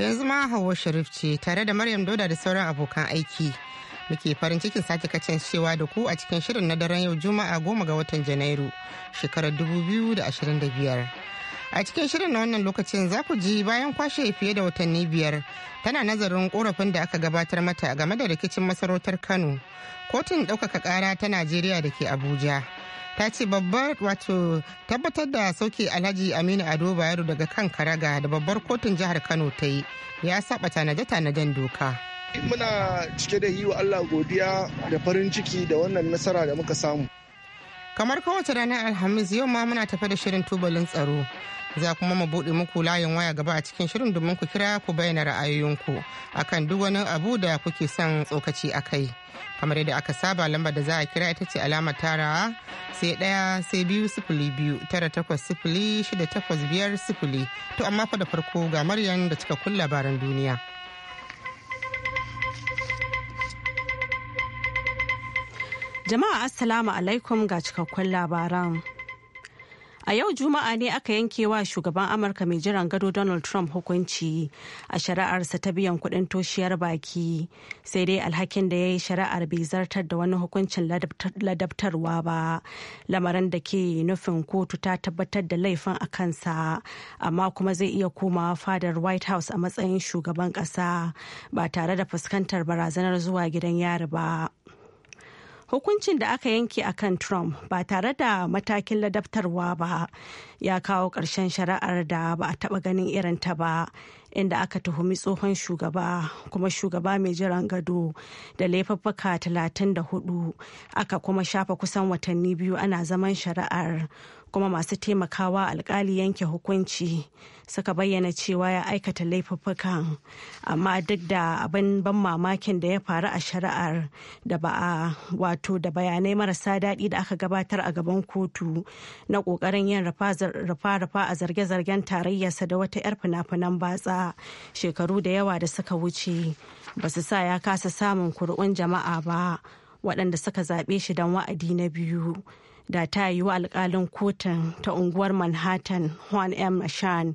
yanzu ma hawa sharif ce tare da maryam doda da sauran abokan aiki muke farin cikin sake kasancewa da ku a cikin shirin na daren yau juma'a goma ga watan janairu shekarar dubu biyu da da ashirin 2025 a cikin shirin na wannan lokacin za ku ji bayan kwashe fiye da watanni biyar tana nazarin korafin da aka gabatar mata game da rikicin masarautar kano kotun ɗaukaka ƙara ta najeriya da ke abuja ta ce babbar wato tabbatar da sauke alhaji aminu ado bayero daga kan karaga da babbar kotun jihar kano ta yi ya saba tanaje-tanajen doka muna cike da yi wa allah godiya da farin ciki da wannan nasara da muka samu kamar kowace ranar alhamis yau ma muna tafe da shirin tubalin tsaro za kuma mu buɗe muku layin waya gaba a cikin shirin domin ku kira ku bayyana ra'ayoyinku akan duk wani abu da kuke son tsokaci a kai kamar yadda aka saba lambar da za a kira ita ce alamar tarawa sai ɗaya sai biyu sifili biyu tara takwas sifili shida takwas biyar sifili to amma fa da farko ga maryam da cikakkun labaran duniya. Jama'a Assalamu alaikum ga cikakkun labaran. A yau Juma'a ne aka yanke wa shugaban Amurka mai jiran gado Donald Trump hukunci a shari'arsa ta biyan Kudin toshiyar baki sai dai alhakin da ya yi shari'ar bai zartar da wani hukuncin ladabtarwa ba lamarin da ke nufin kotu ta tabbatar da laifin a kansa amma kuma zai iya komawa fadar White House a matsayin shugaban ƙasa ba tare da fuskantar barazanar zuwa gidan yari ba. hukuncin da aka yanke a kan trump ba tare da matakin ladabtarwa ba ya kawo ƙarshen shari'ar da ba a taɓa ganin irin ta ba inda aka tuhumi tsohon shugaba kuma shugaba mai jiran gado da laifuffuka 34 aka kuma shafa kusan watanni biyu ana zaman shari'ar kuma masu taimakawa alkali yanke hukunci suka bayyana cewa ya aikata laifuffukan amma duk da abin ban mamakin da ya faru a shari'ar da ba a wato da bayanai marasa daɗi da aka gabatar a gaban kotu na ƙoƙarin yin rufa-rufa a zarge-zargen tarayyarsa da wata 'yar fina-finan batsa shekaru da yawa da suka wuce ba su sa ya kasa samun kuri'un jama'a ba waɗanda suka zaɓe shi don wa'adi na biyu da ta yi wa alkalin kotun ta unguwar manhattan juan m shan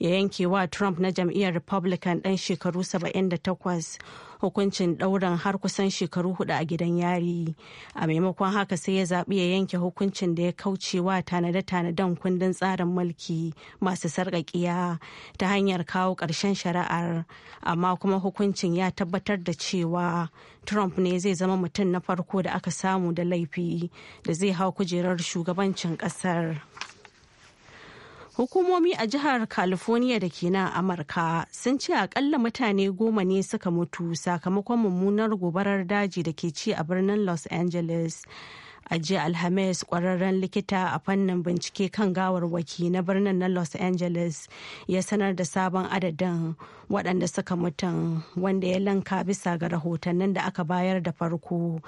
ya yanke wa trump na jam'iyyar republican ɗan shekaru 78 hukuncin ɗaurin har kusan shekaru hudu a gidan yari a maimakon haka sai ya zaɓi ya yanke hukuncin da ya kauce wa tanade-tanaden kundin tsarin mulki masu sarƙaƙiya ta hanyar kawo ƙarshen shari'ar amma kuma hukuncin ya tabbatar da cewa trump ne zai zama mutum na farko da aka samu da laifi da zai hau kujerar shugabancin ƙasar. Hukumomi a jihar California da ke nan Amurka sun ce akalla mutane goma ne suka mutu sakamakon mummunar gobarar daji da ke ci a birnin Los Angeles. a jiya alhamis kwararren likita a fannin bincike kan gawarwaki na birnin na los angeles ya sanar da sabon adadin waɗanda suka mutum wanda ya lanka bisa ga rahotannin da aka bayar da farko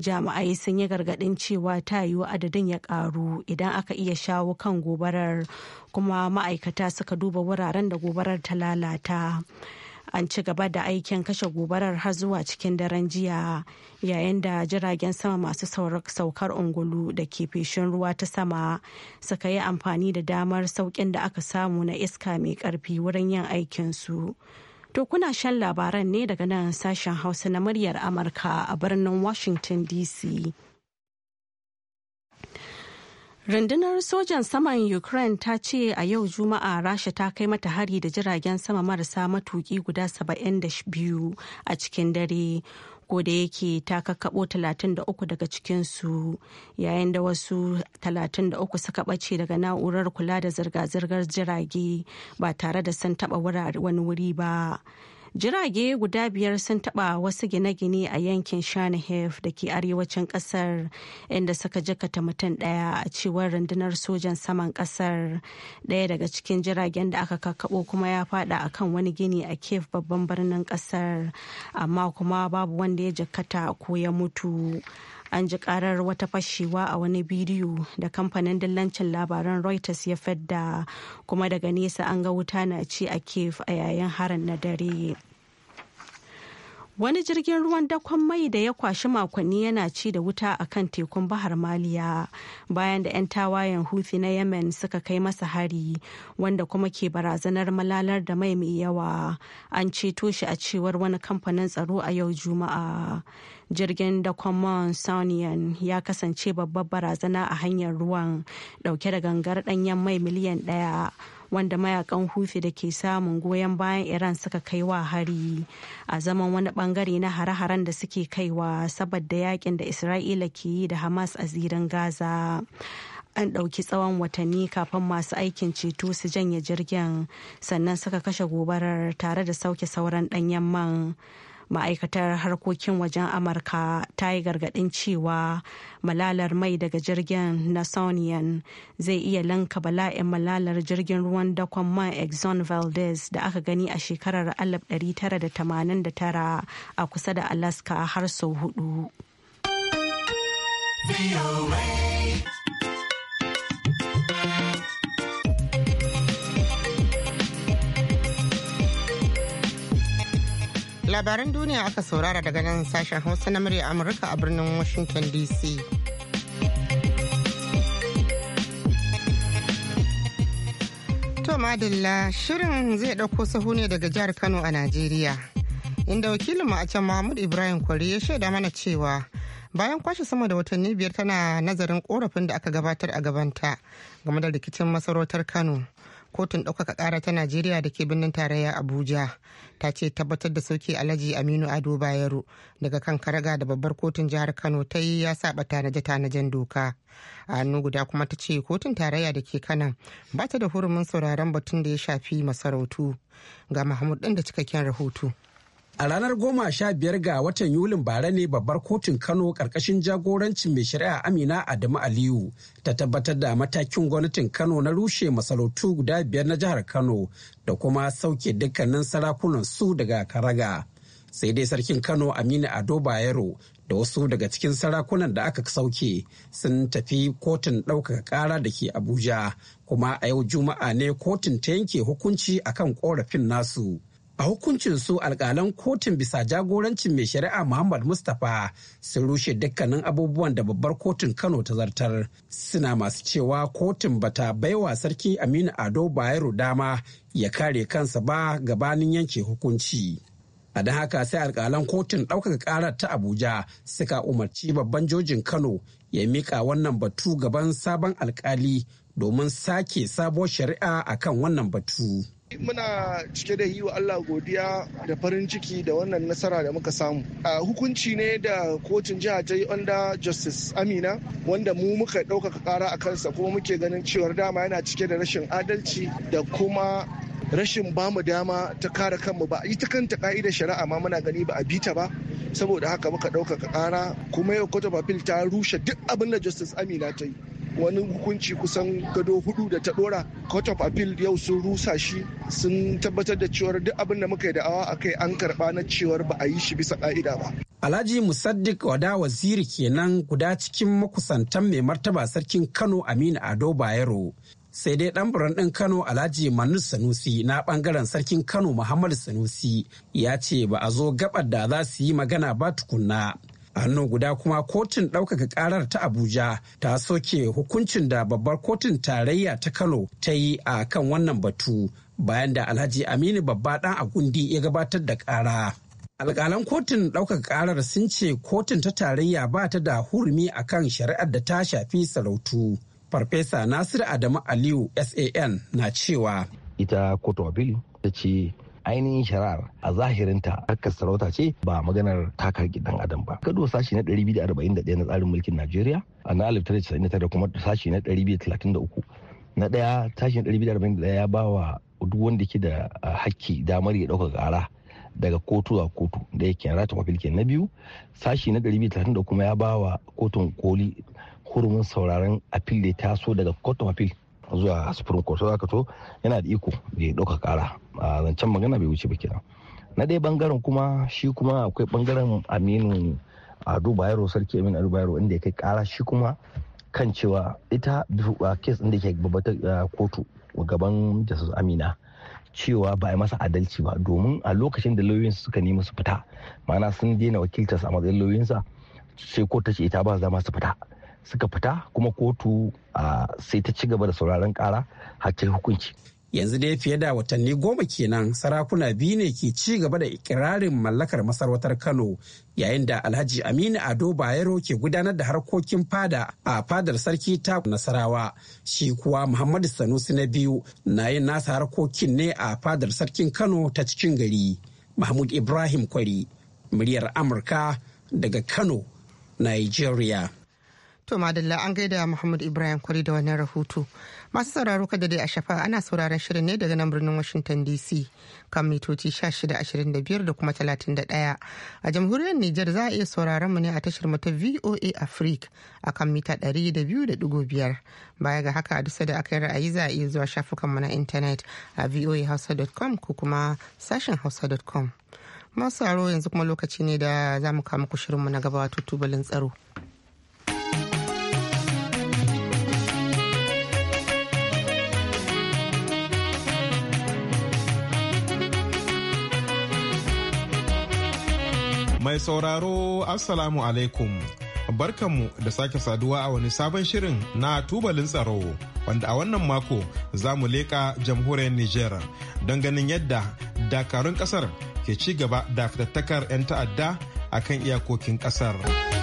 jami'ai sun yi gargaɗin cewa ta yiwu adadin ya ƙaru idan aka iya shawo kan gobarar kuma ma'aikata suka duba wuraren da gobarar ta lalata an ci gaba da aikin kashe gobarar har zuwa cikin daren jiya yayin da jiragen sama masu saukar ungulu da ke feshin ruwa ta sama suka yi amfani da damar saukin da aka samu na iska mai karfi wurin yin aikinsu to kuna shan labaran ne daga nan sashen hausa na muryar amurka a birnin washington dc Rundunar sojan saman Ukraine ta ce a yau Juma'a Rasha ta kai mata hari da jiragen sama marasa matuki guda 72 a cikin dare. da yake ta kakkaɓo 33 daga cikinsu yayin da wasu 33 suka ɓace daga na'urar kula da zirga-zirgar jirage ba tare da sun taɓa wani wuri ba. Jirage guda biyar sun taɓa wasu gine-gine a yankin Shanahef da ke arewacin ƙasar inda suka jakata mutum ɗaya a cewar rundunar sojan saman ƙasar. Ɗaya daga cikin jiragen da aka kakabo kuma ya a kan wani gini a Kef babban birnin ƙasar amma kuma babu wanda ya jakata ko ya mutu. an ji karar wata fashewa a wani bidiyo da kamfanin dillancin labaran reuters ya fadda kuma daga nesa an ga wuta na ci a kef a yayin harin na dare wani jirgin ruwan dakon mai da ya kwashi makonni yana ci da wuta a kan tekun bahar maliya bayan da 'yan tawayen houthi na yemen suka kai masa hari wanda kuma ke barazanar malalar da mai mai yawa an ceto shi a cewar wani kamfanin tsaro a yau juma'a jirgin dakon mount saunian ya kasance babbar barazana a hanyar ruwan dauke da gangar danyen mai miliyan daya wanda mayakan hufi da ke samun goyon bayan iran suka kai wa hari a zaman wani bangare na hare-haren da suke kaiwa saboda yakin da isra'ila ke yi da hamas a zirin gaza an ɗauki tsawon watanni kafin masu aikin ceto su janye jirgin sannan suka kashe gobarar tare da sauke sauran ɗanyen man ma'aikatar harkokin wajen amurka ta yi gargadin cewa malalar mai daga jirgin nasonian zai iya lanka bala'in malalar jirgin ruwan dakon man exxon valdez da aka gani a shekarar 1989 a kusa da alaska har sau hudu. labaran duniya aka saurara daga nan sashen hausa na murya amurka a birnin washington dc to madalla shirin zai ɗauko sahu ne daga jihar kano a najeriya inda wakilin a can mahmud ibrahim kwari ya shaida mana cewa bayan kwashe sama da watanni biyar tana nazarin korafin da aka gabatar a gabanta game da rikicin masarautar kano kotun ɗaukaka ƙara ta najeriya da ke birnin tarayya abuja ta ce tabbatar da sauke alhaji aminu ado bayero daga kan karaga da babbar kotun jihar kano ta yi ya saba tanaje tanajen doka a hannu guda kuma ta ce kotun tarayya da ke kanan ba ta da hurumin sauraron batun da ya shafi masarautu ga mahmud ɗin da cikakken rahoto A ranar goma sha biyar ga watan Yulin bara ne babbar kotun Kano ƙarƙashin jagorancin mai shari'a Amina Adamu Aliyu ta tabbatar da matakin gwamnatin Kano na rushe masarautu guda biyar na jihar Kano da kuma sauke dukkanin sarakunan su daga karaga. Sai dai sarkin Kano Aminu Ado Bayero da wasu daga cikin sarakunan da aka sauke sun tafi kotun ɗaukaka ƙara da ke Abuja kuma a yau Juma'a ne kotun ta yanke hukunci akan ƙorafin nasu. A hukuncin su alkalan kotun bisa jagorancin mai shari'a Muhammad Mustapha sun rushe dukkanin abubuwan da babbar kotun Kano ta zartar. Suna masu cewa kotun bata baiwa sarki Aminu Ado Bayero dama ya kare kansa ba gabanin yanke hukunci. a dan haka sai alkalan kotun ɗaukaka ƙarar ta abuja suka umarci babban jojin kano ya mika wannan batu gaban sabon alƙali domin sake sabuwar shari'a akan wannan batu. muna cike da yi wa Allah godiya da farin ciki da wannan nasara da muka samu. a Hukunci ne da kotun jiha ta yi under Justice Amina wanda mu muka ɗaukaka ƙara a kansa kuma muke ganin cewar dama yana cike da rashin adalci da kuma rashin bamu dama ta kare kanmu ba ita kanta ka'idar shari'a ma muna gani ba a bita ba saboda haka muka ɗaukaka ƙara kuma yau kotun ta rushe duk abin da justice amina ta yi wani hukunci kusan gado hudu da ta dora court of appeal yau sun rusa shi sun tabbatar da cewar duk abin da muka yi da'awa a kai an karba na cewar ba a yi shi bisa ka'ida ba alhaji musaddiq wada waziri kenan guda cikin makusantan mai martaba sarkin kano aminu ado bayero sai dai dan buran ɗin kano alhaji manus sanusi na ɓangaren sarkin kano muhammadu sanusi ya ce ba a zo gabar da za su yi magana ba tukunna hannu guda kuma kotun ɗaukaka ƙarar ta abuja ta soke hukuncin da babbar kotun tarayya ta kano ta yi a kan wannan batu bayan da alhaji aminu babba ɗan agundi ya gabatar da ƙara alƙalan kotun ɗaukaka ƙarar sun ce kotun ta tarayya ba ta da hurumi a kan shari'ar da ta shafi sarautu farfesa nasiru adamu aliyu san na cewa ita kotu appeal ta ce ainihin shari'ar a zahirinta harkar sarauta ce ba maganar takar gidan adam ba gado sashi na 241 na tsarin mulkin najeriya a na 1999 kuma sashi na 233 na daya sashi na 241 ya ba wa duk wanda ke da hakki damar ya ɗauka gara daga kotu a kotu da yake rata mafilke na biyu sashi na 233 kuma ya ba wa kotun koli hurumin sauraron apil da taso daga kotun apil zuwa supreme court za ka to yana da iko da ya ɗauka ƙara a zancen magana bai wuce ba kenan na ɗaya bangaren kuma shi kuma akwai bangaren aminu ado bayero sarki aminu ado bayero inda ya kai ƙara shi kuma kan cewa ita kes inda da ke babbar kotu gaban jasus amina cewa ba a masa adalci ba domin a lokacin da lauyinsa suka nemi su fita mana sun daina wakiltarsa a matsayin lauyinsa sai ko ta ce ita ba za ma su fita suka fita kuma kotu sai ta ci gaba da sauraron kara hukunci yanzu dai fiye da watanni goma kenan sarakuna biyu ne ke ci gaba da ikirarin mallakar masarautar kano yayin da alhaji aminu ado bayero ke gudanar da harkokin fada a fadar sarki ta nasarawa shi kuwa muhammadu sanusi na biyu na yin nasa harkokin ne a fadar sarkin kano ta cikin gari mahmud ibrahim kwari muryar amurka daga kano nigeria To madalla an gaida Muhammad Ibrahim kwari da wannan rahoto. Masu sauraro kada dai a shafa ana sauraron shirin ne daga nan birnin Washington DC kan mitoci 1625 da kuma 31. A jamhuriyar Nijar za a iya sauraron mu ne a tashar mu ta VOA Africa a kan mita 200.5. Baya ga haka a dusa da aka yi ra'ayi za a iya zuwa shafukan mu na intanet a voahausa.com ko kuma sashen hausa.com. Masu yanzu kuma lokaci ne da za mu kama kushirinmu na gaba wato tubalin tsaro. Mai sauraro Assalamu alaikum. Barkanmu da sake saduwa a wani sabon shirin na tubalin tsaro wanda a wannan mako za mu leƙa jamhuriyar Nijar don ganin yadda dakarun ƙasar ke ci gaba da fitattakar 'yan ta'adda a kan iyakokin ƙasar.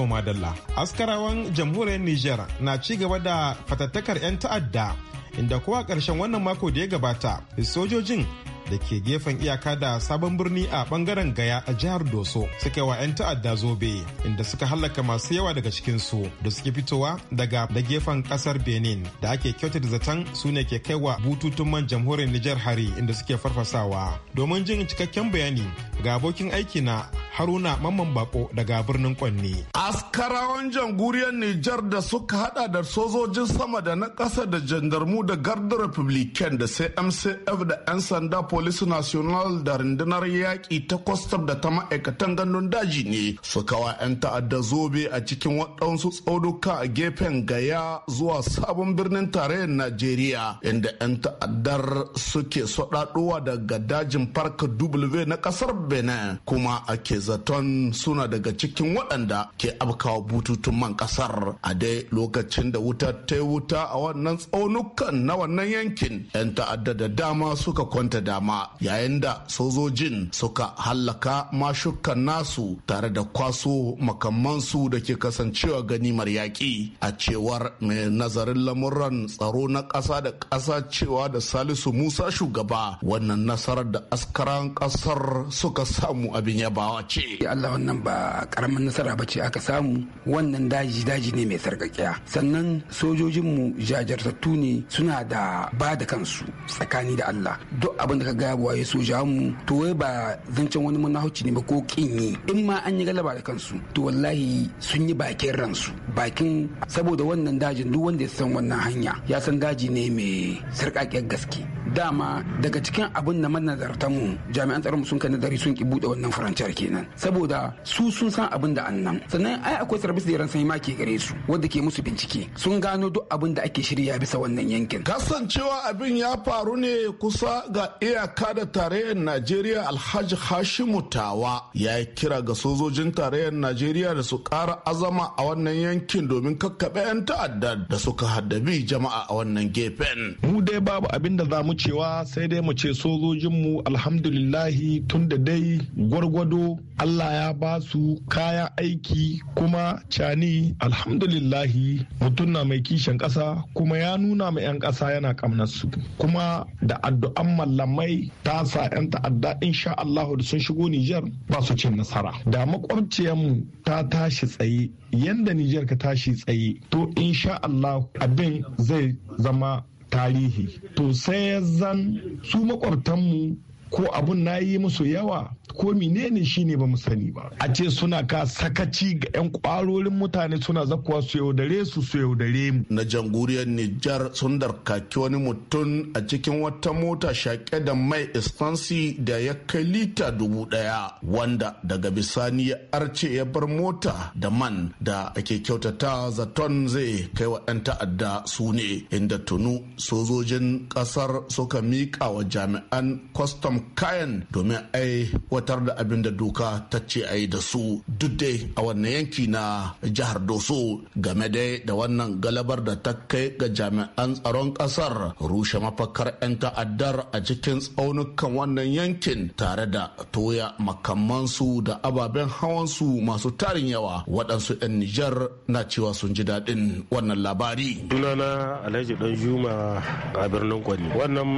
To Dalla. Askarawan jamhuriyar Nijar na ci gaba da fatattakar 'yan ta'adda inda kowa ƙarshen wannan mako da ya gabata sojojin da ke gefen iyaka da sabon birni a bangaren gaya a jihar doso suka wa 'yan ta'adda zobe inda suka hallaka masu yawa daga cikinsu da suke fitowa daga da gefen kasar benin da ake da zaton su ne ke kai wa bututun man jamhuriyar nijar hari inda suke farfasawa domin jin cikakken bayani ga abokin aiki na haruna mamman bako daga birnin kwanne askarawan jamhuriyar nijar da suka hada da sojojin sama da na ƙasa da jandarmu da garda republican da sai mcf da 'yan sanda police national da rundunar yaƙi ta kwastar da ta ma'aikatan gandun daji ne suka wa 'yan ta'adda zobe a cikin waɗansu tsaunuka a gefen gaya zuwa sabon birnin tarayyar najeriya inda 'yan ta'addar suke soɗaɗowa daga dajin park w na kasar benin kuma ake zaton suna daga cikin waɗanda ke abkawa bututun man ƙasar a dai lokacin da wuta ta yi wuta a wannan tsaunukan na wannan yankin 'yan ta'adda da dama suka kwanta dama yayin da sojojin suka hallaka mashukan nasu tare da kwaso makamansu da ke kasancewa ganimar yaƙi a cewar mai nazarin lamuran tsaro na ƙasa da ƙasa cewa da salisu musa shugaba wannan nasarar da askaran ƙasar suka samu abin yabawa ce eh, Allah wannan ba karamin nasara ba ce aka samu wannan daji daji ne mai sarkakiya sannan sojojinmu jajirtattu ne suna da ba da kansu tsakani da Allah duk abin da ka gaya waye sojanmu to wai ba zancen wani manahauci ne ba ko kinyi in ma an yi galaba da kansu to wallahi sun yi bakin ransu bakin saboda wannan dajin duk wanda ya san wannan hanya ya san daji ne mai sarkakiyar gaske dama daga cikin abin da mu jami'an tsaron sun kai nazari sun ki buɗe wannan farancar kenan nan saboda su sun san abin da annan sannan ai akwai sarbis da sai ma ke gare su wanda ke musu bincike sun gano duk abin da ake shirya bisa wannan yankin kasancewa abin ya faru ne kusa ga iyaka da tarayyar najeriya alhaji hashimu tawa ya kira ga sojojin tarayyar najeriya da su kara azama a wannan yankin domin kakkabe 'yan ta'adda da suka haddabi jama'a a wannan gefen mu dai babu abin da zamu cewa sai dai mu ce sojojin mu alhamdulillahi tun da dai gwargwado Allah ya ba su kayan aiki kuma cani alhamdulillahi mutum na mai kishin ƙasa kuma ya nuna ma 'yan ƙasa yana ƙamnar su kuma da addu'an mallamai ta sa 'yan ta'adda insha Allahu da sun shigo Nijar ba su cin nasara da makwabciyarmu ta tashi tsaye yanda Nijar ka tashi tsaye to insha Allah abin zai zama tarihi to sai zan su makwabtanmu ko abun na yi musu yawa ko menene shine ba mu sani ba a ce suna ka sakaci ga 'yan kwarorin mutane suna zakuwa su yaudare su su yaudare mu na janguriyar nijar sun darkaki wani mutum a cikin wata mota shaƙe da mai istansi da ya kai lita dubu daya. wanda daga bisani ya arce ya bar mota da man da ake kyautata zaton zai kai wa 'yan ta'adda su ne inda tunu sojojin kasar suka mika wa jami'an kwastam kayan domin aiwatar da abin da doka ta ce a yi da su duk dai a wannan yanki na jihar doso game dai da wannan galabar da ta kai ga jami'an tsaron kasar rushe mafakar 'yan ta'addar a cikin tsaunukan wannan yankin tare da toya makamansu da ababen hawansu masu tarin yawa waɗansu 'yan nijar na cewa sun ji daɗin wannan labari. sunana alhaji dan juma a birnin kwani wannan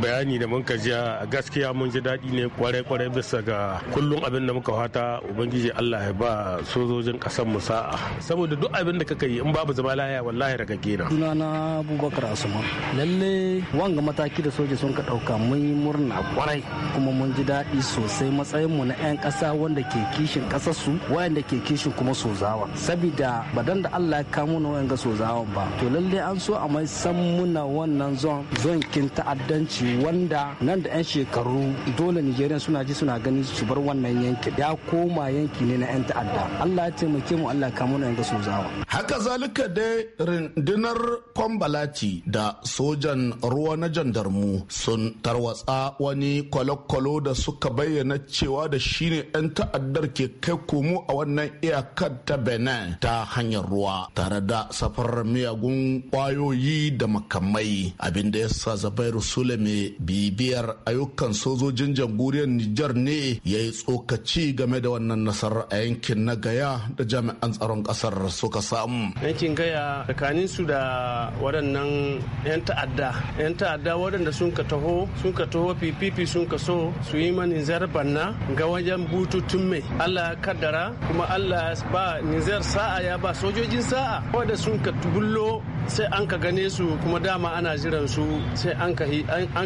bayani da mun a gaskiya gaskiya mun ji daɗi ne kwarai kwarai bisa ga kullum abin da muka fata ubangiji Allah ya ba sojojin ƙasar mu sa'a saboda duk abin da kaka yi in babu zama laya wallahi daga gina sunana Abubakar Asuman lalle wanga mataki da soja sun ka ɗauka mun yi murna kwarai kuma mun ji daɗi sosai matsayin mu na 'yan ƙasa wanda ke kishin su wayanda ke kishin kuma sozawa sabida badan da Allah ya kamo na wayanga sozawan ba to lalle an so a mai san muna wannan zon zon kin ta'addanci wanda nan da 'yan shekaru shekaru dole nigerian suna ji suna gani su bar wannan yankin ya koma yanki ne na 'yan ta'adda allah ya taimake mu allah kamu na yanzu sozawa haka zalika dai rundunar kwambalati da sojan ruwa na jandarmu sun tarwatsa wani kwalokwalo da suka bayyana cewa da shine 'yan ta'addar ke kai komo a wannan iyakar ta benin ta hanyar ruwa tare da safarar miyagun kwayoyi da makamai abinda ya sa zabairu sulemi bibiyar ayyukan sojojin jamhuriyar Nijar ne ya yi tsokaci game da wannan nasarar a yankin na Gaya da jami'an tsaron kasar suka samu. Yankin Gaya tsakanin su da waɗannan 'yan ta'adda. 'Yan ta'adda waɗanda sun ka taho sun ka taho pipipi sun ka so su yi ma Nijar banna ga wajen bututun mai. Allah ya kaddara kuma Allah ya ba Nijar sa'a ya ba sojojin sa'a wanda sun ka tubullo sai an ka gane su kuma dama ana jiran su sai an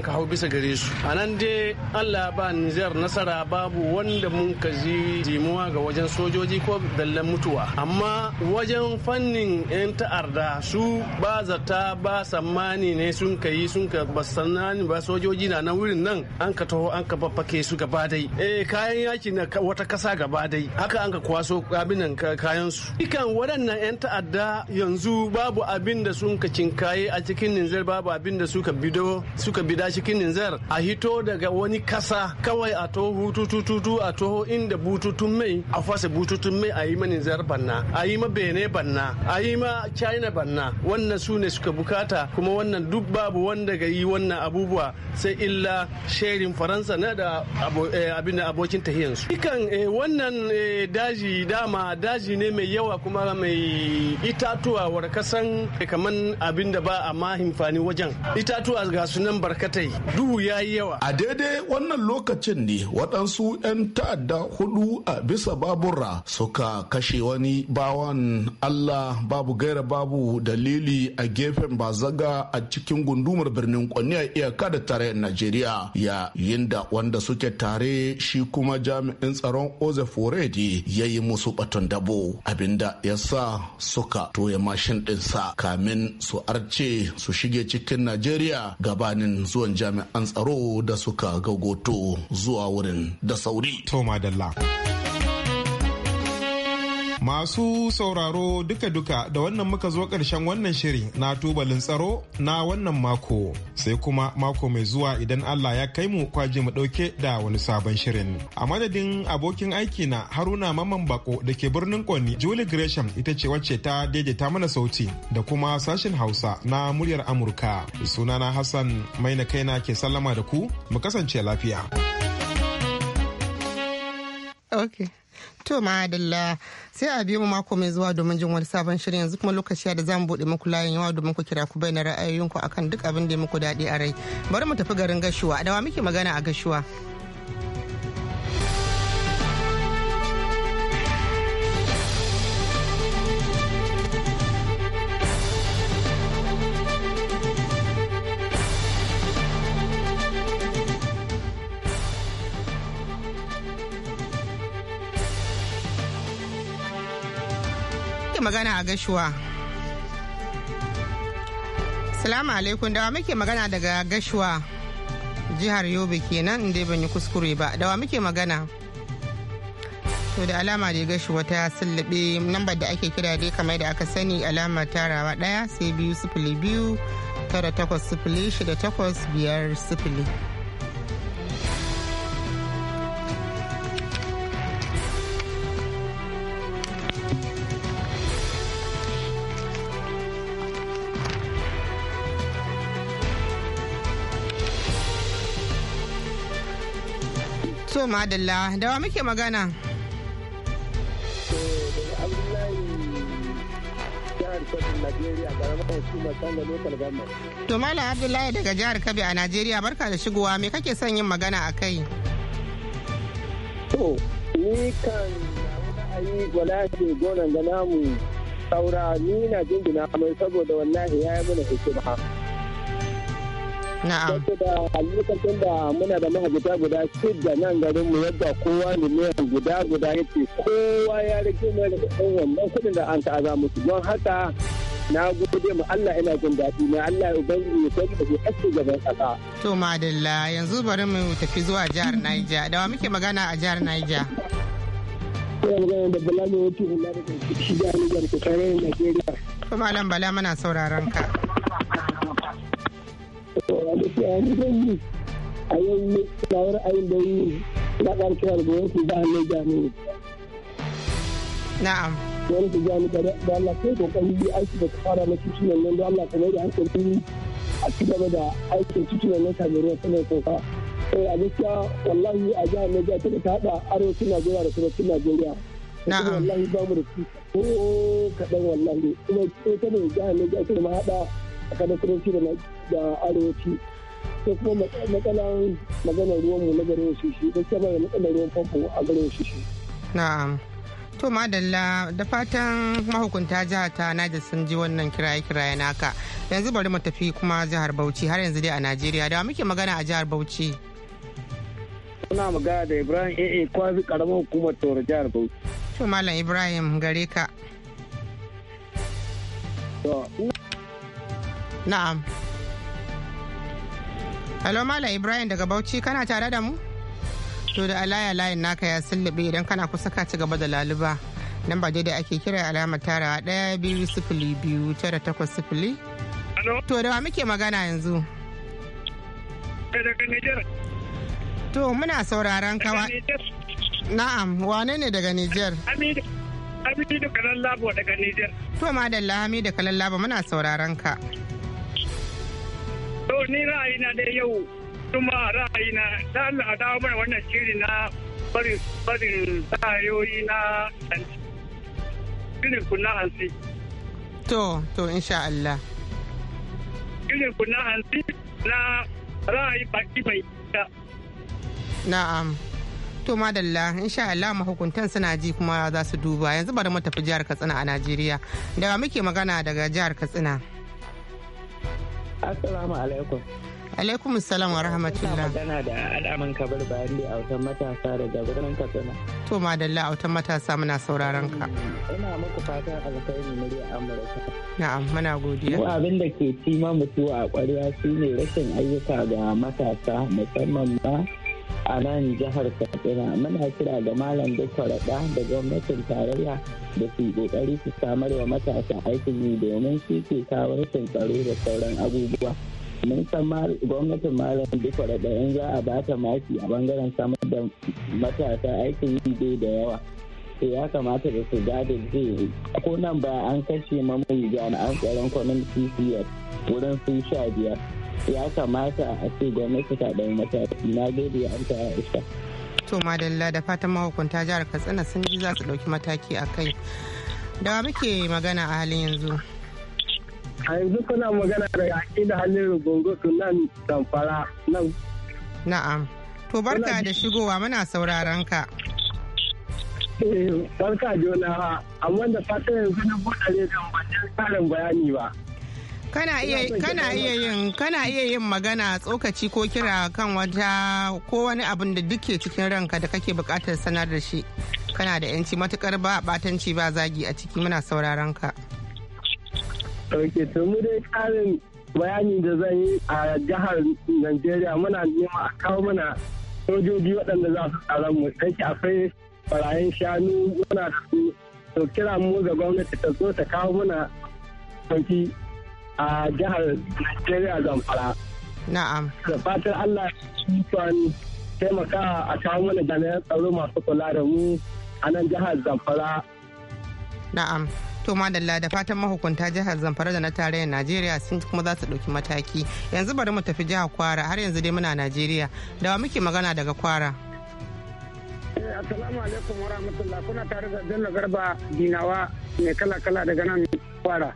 ka hau bisa gare su. A nan dai allah ba nijar nasara babu wanda mun ka ji jimuwa ga wajen sojoji ko dallan mutuwa amma wajen fannin 'yan ta'arda su ba zata ba tsammani ne sun ka yi sun ka basannani ba sojoji na na wurin nan an ka taho an ka babbake su gaba dai eh kayan yaki na wata kasa gaba dai haka an ka kwaso abinan kayan su dukan waɗannan 'yan ta'adda yanzu babu abin da sun ka cinkaye a cikin ninzar babu abin da suka bido suka bida cikin ninzar a hito daga wani kasa kawai a toho hututututu a toho inda bututun mai a fasa bututun mai a yi ma nizar banna a yi ma bene banna a yi ma China banna wannan su ne suka bukata kuma wannan duk babu wanda ga yi wannan abubuwa sai illa sherin Faransa na da eh, abin da abokin tahiyansu. Ikan eh, wannan eh, daji dama daji ne mai yawa kuma mai itatuwa warkasan kaman abin da ba a mahimfani wajen itatuwa ga sunan barkatai duhu ya yi yawa. A dai wannan lokacin ne waɗansu 'yan ta'adda hudu a bisa babura suka kashe wani bawan allah babu gaira babu dalili a gefen bazaga a cikin gundumar birnin kwanni a iyaka da tarayyar najeriya ya da wanda suke tare shi kuma jami'in tsaron ozef Oredi ya yi musu batun dabo abinda ya sa suka toye mashin ɗinsa kamin su arce su shige cikin najeriya gabanin zuwan jami'an tsaro da suka ga to zuwa wurin da sauri. Toma Dalla. Masu sauraro duka-duka da wannan muka zo ƙarshen wannan shiri na tubalin tsaro na wannan mako. Sai kuma mako mai zuwa idan Allah ya kai mu kwaje mu ɗauke da wani sabon shirin. A madadin abokin aiki na Haruna Mamman Bako da ke birnin Kwani Julie Gresham ita ce wacce ta daidaita mana sauti da kuma sashen Hausa na muryar Amurka. Sunana Hassan Maina Kaina ke sallama da ku mu kasance lafiya. Okay. To ma'adalla sai a biyu mako mai zuwa domin jin wani sabon shirin yanzu kuma lokaci da zamu buɗe muku layin yawa domin ku kira ku bayyana ra'ayoyinku akan duk abin da ya muku daɗi a rai. Bari mu tafi garin gashuwa. a dawa muke magana a gashuwa? magana a gashuwa? Salamu alaikum dawa muke magana daga gashuwa jihar Yobe kenan inda ban yi kuskure ba dawa muke magana. To da alama da gashuwa ta sullube lambar da ake kira dai kamar da aka sani alamar tarawa daya sai biyu sifili biyu tara takwas sifili shida takwas biyar sifili. To madalla wa muke magana. To Malam Abdullahi daga jihar Kabi a Najeriya barka da shigowa me kake son yin magana a kai? To, ni kan yi wala ce gonan ga namu saura ni na jinjina mai saboda wallahi ya yi mana hikima. Na'am. Saboda lokacin da muna da mahajjata guda shidda nan garin mu yadda kowa miliyan guda guda yake kowa ya rage mai da wannan kuɗin da an ta'aza musu don haka na gode mu Allah ina jin daɗi na Allah ya ubangiji ya sani da ke aske gaban ƙasa. To madalla yanzu bari mu tafi zuwa jihar naija da wa muke magana a jihar naija. Ina magana da Bala ne wata hula da ke shi jihar Niger ko tare da Najeriya. Kuma Bala muna sauraron ka. a yau na yi ra'ayin da yi na ƙar kira da gwamnati da hannun jami'i. Na'am. Gwamnati da Allah sai kokari yi aiki da fara na nan da Allah kamar da hankali a ci gaba da aikin titunan nan kamar ruwa sanar a Sai a gaskiya wallahi a jihar Niger ta ta haɗa arewacin Najeriya da kudancin Najeriya. Na'am. Wallahi ba mu da ko kaɗan wallahi. Kuma ita ne jihar Niger ta ma haɗa tsakanin kudanci da arewaci sai kuma matsalan maganar ruwanmu na garin shishi don da matsalar ruwan famfo a garin shishi. Na'am. To madalla da fatan mahukunta jihar ta Naija sun ji wannan kiraye-kiraye naka. Yanzu bari mu tafi kuma jihar Bauchi har yanzu dai a Najeriya da muke magana a jihar Bauchi. Muna magana da Ibrahim AA kwazi karamar hukumar Toro jihar Bauchi. To Malam Ibrahim gare ka. Na'am. Hello Mala Ibrahim daga Bauchi kana tare da mu? To da alaya layin naka ya sullube idan kana kusa ka ci gaba da laluba. Nan ba dai da ake kira alamar tarawa ɗaya biyu sifili biyu tara takwas sifili. To da wa muke magana yanzu? Daga To muna sauraron kawa. Na'am wane ne daga Nijar? Hamidu Kalallabo daga Niger. To madalla Hamidu Kalallabo muna sauraron ka. to ni ra'ayina dai yau kuma ra'ayina ta Allah a dawo mana wannan shiri na barin barin ra'ayoyi na shirin kunna hansi. To, to insha Allah. Shirin kunna hansi na ra'ayi baki bai da. Na'am. To madalla insha Allah mahukuntan suna ji kuma za su duba yanzu bari mu tafi jihar Katsina a Najeriya. Daga muke magana daga jihar Katsina. Assalamu alaikum. Alaikum salam wa rahmatullah. magana da al'aman kabar bayan da autan matasa daga birnin Katsina. To madalla autan matasa muna sauraron ka. Ina muku fatan alkhairi na a Amurka. Na'am muna godiya. Mu abin da ke cima mutuwa a ƙwarya shine rashin ayyuka ga matasa musamman ma a nan jihar katsina muna kira ga malam faraɗa da gwamnatin tarayya da su kokari su samar wa matasa aikin yi domin su ke kawo rashin tsaro da sauran abubuwa mun san gwamnatin malam da faraɗa in za a ba ta maki a bangaren samar da matasa aikin yi dai da yawa to ya kamata da su gada zai ko nan ba an kashe mamaye jami'an tsaron kwanan ccs wurin sun sha biyar ya kamata a ce gwamnati ta ɗan mataki na gode an ta aisha to madalla da fatan mahukunta jihar katsina sun ji za su ɗauki mataki a kai da muke magana a halin yanzu a yanzu kuna magana da yaƙi da halin rugungo nan damfara nan na'am to barka da shigowa muna sauraron ka eh, barka jona amma da fatan yanzu na buɗe ne kan ban tsarin bayani ba kana iya yin kana iya magana tsokaci ko kira kan wata ko wani abin da duke cikin ranka da kake bukatar sanar da shi kana da yanci matukar ba batanci ba zagi a ciki muna sauraron ka dai karin bayani da zan yi a jihar Najeriya muna nema a kawo mana sojoji waɗanda za su tsara mu sai akwai barayin shanu muna da su to kira mu ga gwamnati ta zo ta kawo mana sauki a jihar Najeriya Zamfara. Na'am. Da fatan Allah son taimaka a kawo mana jami'an tsaro masu kula da mu a nan jihar Zamfara. Na'am. to madalla da fatan mahukunta jihar zamfara da na tarayyar najeriya sun kuma za su ɗauki mataki yanzu bari mu tafi jihar kwara har yanzu dai muna najeriya da wa muke magana daga kwara eh, assalamu alaikum wa rahmatullah kuna tare da bello garba dinawa mai kala kala daga nan kwara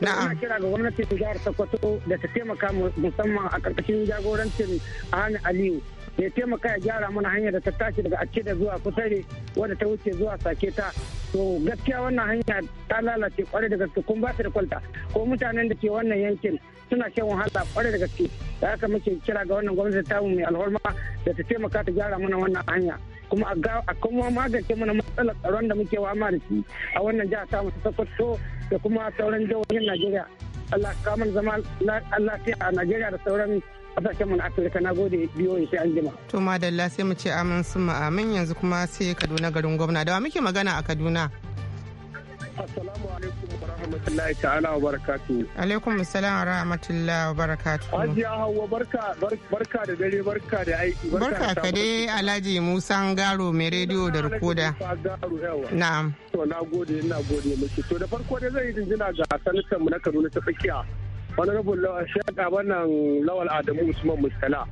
Ina kira ga gwamnatin jihar Sokoto da ta taimaka musamman a ƙarƙashin jagorancin Ahmed Aliyu ya taimaka ya gyara mana hanyar da ta tashi daga da zuwa Kutare wadda ta wuce zuwa Saketa to gaskiya wannan hanya ta lalace kwarai da gaske kun ba da kwalta ko mutanen da ke wannan yankin suna shan wahala kwarai da gaske da haka muke kira ga wannan gwamnati ta mu mai alhorma da ta taimaka ta gyara mana wannan hanya kuma a kuma magance mana matsalar tsaron da muke wa da shi a wannan jiha ta ta sokoto da kuma sauran jihohin najeriya allah ka mana zama lafiya a najeriya da sauran kasashen mun afirka na gode biyo sai an jima. to madalla sai mu ce amin sun amin yanzu kuma sai kaduna garin gwamna da wa muke magana a kaduna. assalamu alaikum rahmatullahi ta'ala wa barakatu. Alaikum salam wa rahmatullahi wa barakatu. Hajiya Hauwa barka barka da dare barka da aiki. Barka ka dai Alhaji Musa Garo mai rediyo da rikoda. Na'am. To na gode na gode miki. To da farko dai zan yi jinjina ga sanatan mu na Kaduna ta tsakiya. wani rabin shaɗa wannan lawal adamu usman mustala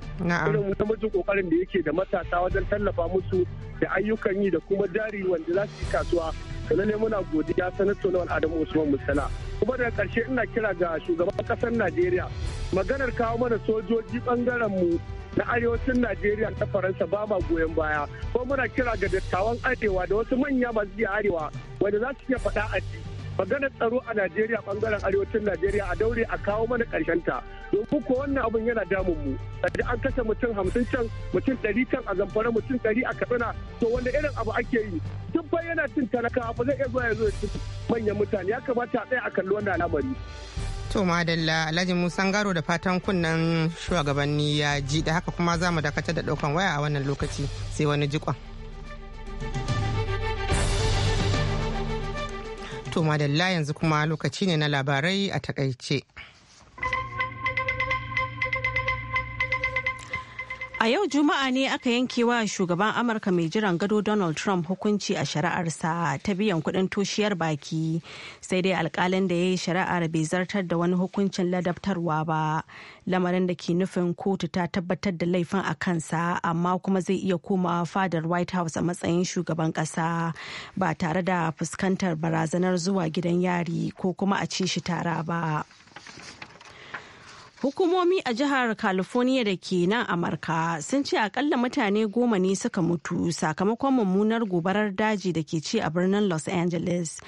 irin namijin kokarin da yake da matasa wajen tallafa musu da ayyukan yi da kuma jari wanda za su yi kasuwa ne muna godiya sanato na adamu usman musala kuma daga karshe ina kira ga shugaban kasar najeriya maganar kawo mana sojoji bangaren mu na arewacin najeriya na faransa ba ma goyon baya ko muna kira ga dattawan arewa da wasu manya masu arewa wanda za su iya faɗa a maganar tsaro a Najeriya bangaren arewacin Najeriya a daure a kawo mana karshen ta domin ko wannan abun yana damun mu Sai an kashe mutum hamsin can mutum ɗari can a zamfara mutum ɗari a katsina to wanda irin abu ake yi duk bai yana cin talakawa ba zai iya zuwa ya zo ya ci manyan mutane ya kamata a tsaya a kalli wannan al'amari. To madalla Alhaji Musan Garo da fatan kunnan shugabanni ya ji da haka kuma za mu dakatar da daukan waya a wannan lokaci sai wani jikon. To madalla yanzu kuma lokaci ne na labarai a takaice. A yau Juma'a ne aka yanke wa shugaban Amurka mai jiran gado Donald Trump hukunci a shari'arsa ta biyan kudin toshiyar baki sai dai alkalin da ya yi shari'ar bai zartar da wani hukuncin ladabtarwa ba lamarin da ke nufin kotu ta tabbatar da laifin a kansa amma kuma zai iya komawa fadar White House a matsayin shugaban kasa ba tare da fuskantar barazanar zuwa gidan yari ko kuma a ci shi tara ba. Hukumomi a jihar California da ke nan Amurka sun ce akalla mutane goma ne suka mutu sakamakon mummunar gobarar daji da ke ci a birnin Los Angeles.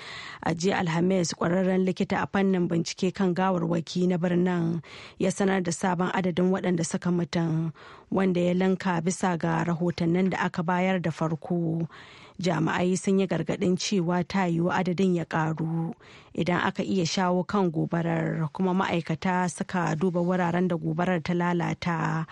A jiya Alhamis kwararren likita a fannin bincike kan gawarwaki na birnin ya sanar da sabon adadin waɗanda suka mutu wanda ya lanka bisa ga rahotannin da aka bayar da farko. jami'ai sun yi gargadin cewa ta yiwu adadin ya ƙaru idan aka iya shawo kan gobarar kuma ma'aikata suka duba wuraren da gobarar ta lalata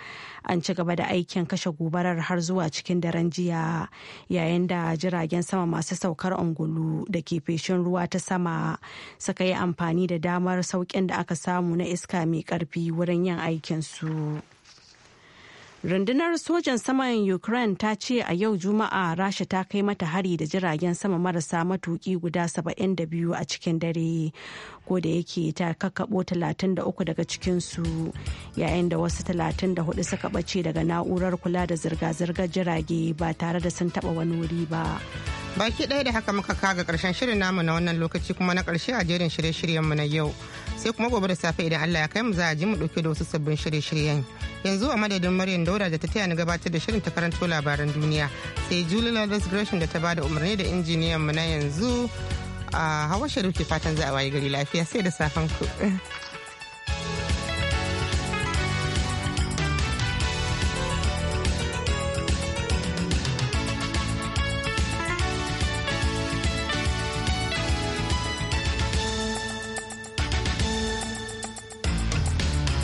an ci gaba da aikin kashe gobarar har zuwa cikin daren jiya yayin da jiragen sama masu saukar ungulu da ke feshin ruwa ta sama suka yi amfani da damar sauƙin da aka samu na iska mai ƙarfi wurin yin aikinsu. rundunar sojan saman ukraine ta ce a yau juma'a rasha ta kai mata hari da jiragen sama marasa matuki guda 72 a cikin dare ko da yake ta kakkabo 33 daga cikinsu yayin da wasu 34 suka ɓace daga na'urar kula da zirga-zirgar jirage ba tare da sun taɓa wani wuri ba baki ɗaya da haka muka kaga karshen shirin namu na wannan lokaci kuma na ƙarshe a jerin shirye-shiryenmu na yau sai kuma gobe da safe idan Allah ya kai mu za a ji mu dauke da wasu sabbin shirye-shiryen yanzu a madadin Maryam Daura da ta taya ni gabatar da shirin ta karanto labaran duniya sai Julie Lawrence da ta bada umarni da injiniyan mu na yanzu a hawa sharif fatan za a waye gari lafiya sai da safen ku